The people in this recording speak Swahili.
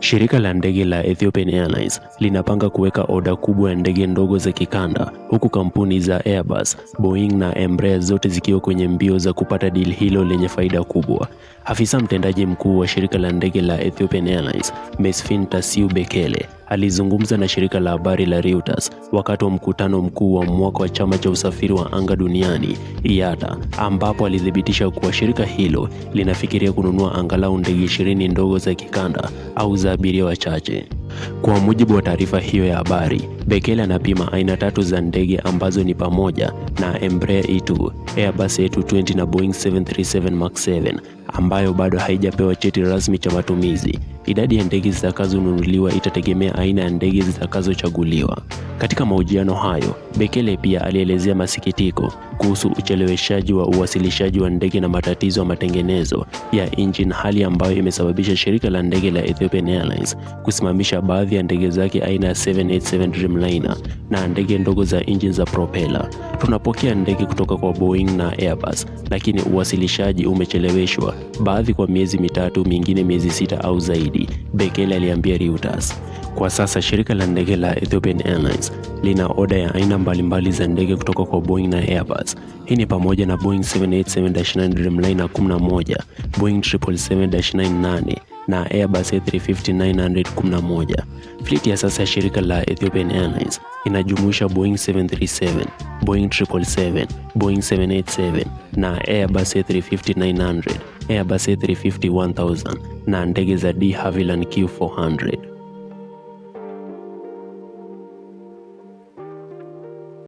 Shirika la ndege la Ethiopian Airlines linapanga kuweka oda kubwa ya ndege ndogo za kikanda, huku kampuni za Airbus, Boeing na Embraer zote zikiwa kwenye mbio za kupata dili hilo lenye faida kubwa. Afisa mtendaji mkuu wa shirika la ndege la Ethiopian Airlines, Mesfin Tasiu Bekele Alizungumza na shirika la habari la Reuters wakati wa mkutano mkuu wa mwaka wa chama cha usafiri wa anga duniani IATA, ambapo alithibitisha kuwa shirika hilo linafikiria kununua angalau ndege ishirini ndogo za kikanda au za abiria wachache. Kwa mujibu wa taarifa hiyo ya habari, Bekele anapima aina tatu za ndege ambazo ni pamoja na Embraer E2, Airbus A220 na Boeing 737 Max 7 ambayo bado haijapewa cheti rasmi cha matumizi. Idadi ya ndege zitakazonunuliwa itategemea aina ya ndege zitakazochaguliwa. Katika mahojiano hayo, Bekele pia alielezea masikitiko kuhusu ucheleweshaji wa uwasilishaji wa ndege na matatizo ya matengenezo ya injini, hali ambayo imesababisha shirika la ndege la Ethiopian Airlines kusimamisha baadhi ya ndege zake aina ya 787 Dreamliner na ndege ndogo za injini za propela. Tunapokea ndege kutoka kwa Boeing na Airbus, lakini uwasilishaji umecheleweshwa, baadhi kwa miezi mitatu, mingine miezi sita au zaidi, Bekele aliambia Reuters. Kwa sasa shirika la ndege la Ethiopian Airlines lina oda ya aina mbalimbali za ndege kutoka kwa Boeing na Airbus. Hii ni pamoja na Boeing 787-9 Dreamliner 11, Boeing 777 98 na Airbus A350-900 Fleet ya sasa ya shirika la Ethiopian Airlines inajumuisha Boeing 737, Boeing 777, Boeing 787 na Airbus A350-900, Airbus A350-1000 na ndege za De Havilland Q400.